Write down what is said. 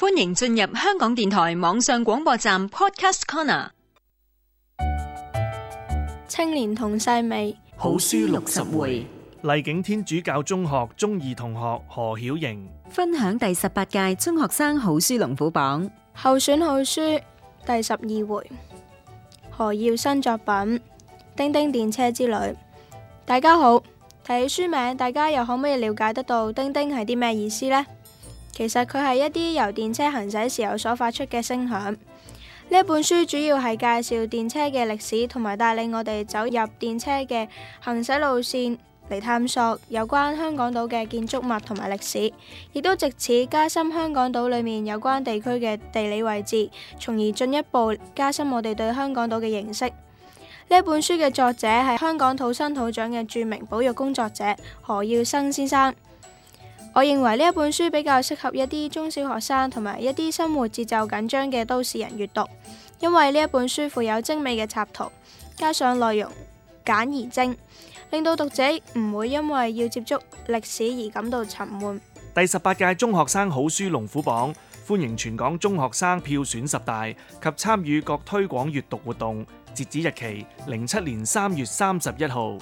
歡迎進入香港電台網上廣播站 Podcast Corner。青年同細味好書六十回，荔景天主教中學中二同學何曉凝分享第十八屆中學生好書龍虎榜候選好書第十二回，何耀生作品《叮叮電車之旅》。大家好，提起書名，大家又可唔可以了解得到《叮叮》係啲咩意思呢？其實佢係一啲由電車行駛時候所發出嘅聲響。呢本書主要係介紹電車嘅歷史，同埋帶領我哋走入電車嘅行駛路綫嚟，探索有關香港島嘅建築物同埋歷史，亦都藉此加深香港島裏面有關地區嘅地理位置，從而進一步加深我哋對香港島嘅認識。呢本書嘅作者係香港土生土長嘅著名保育工作者何耀生先生。我認為呢一本書比較適合一啲中小學生同埋一啲生活節奏緊張嘅都市人閱讀，因為呢一本書附有精美嘅插圖，加上內容簡而精，令到讀者唔會因為要接觸歷史而感到沉悶。第十八屆中學生好書龍虎榜歡迎全港中學生票選十大及參與各推廣閱讀活動，截止日期零七年三月三十一號。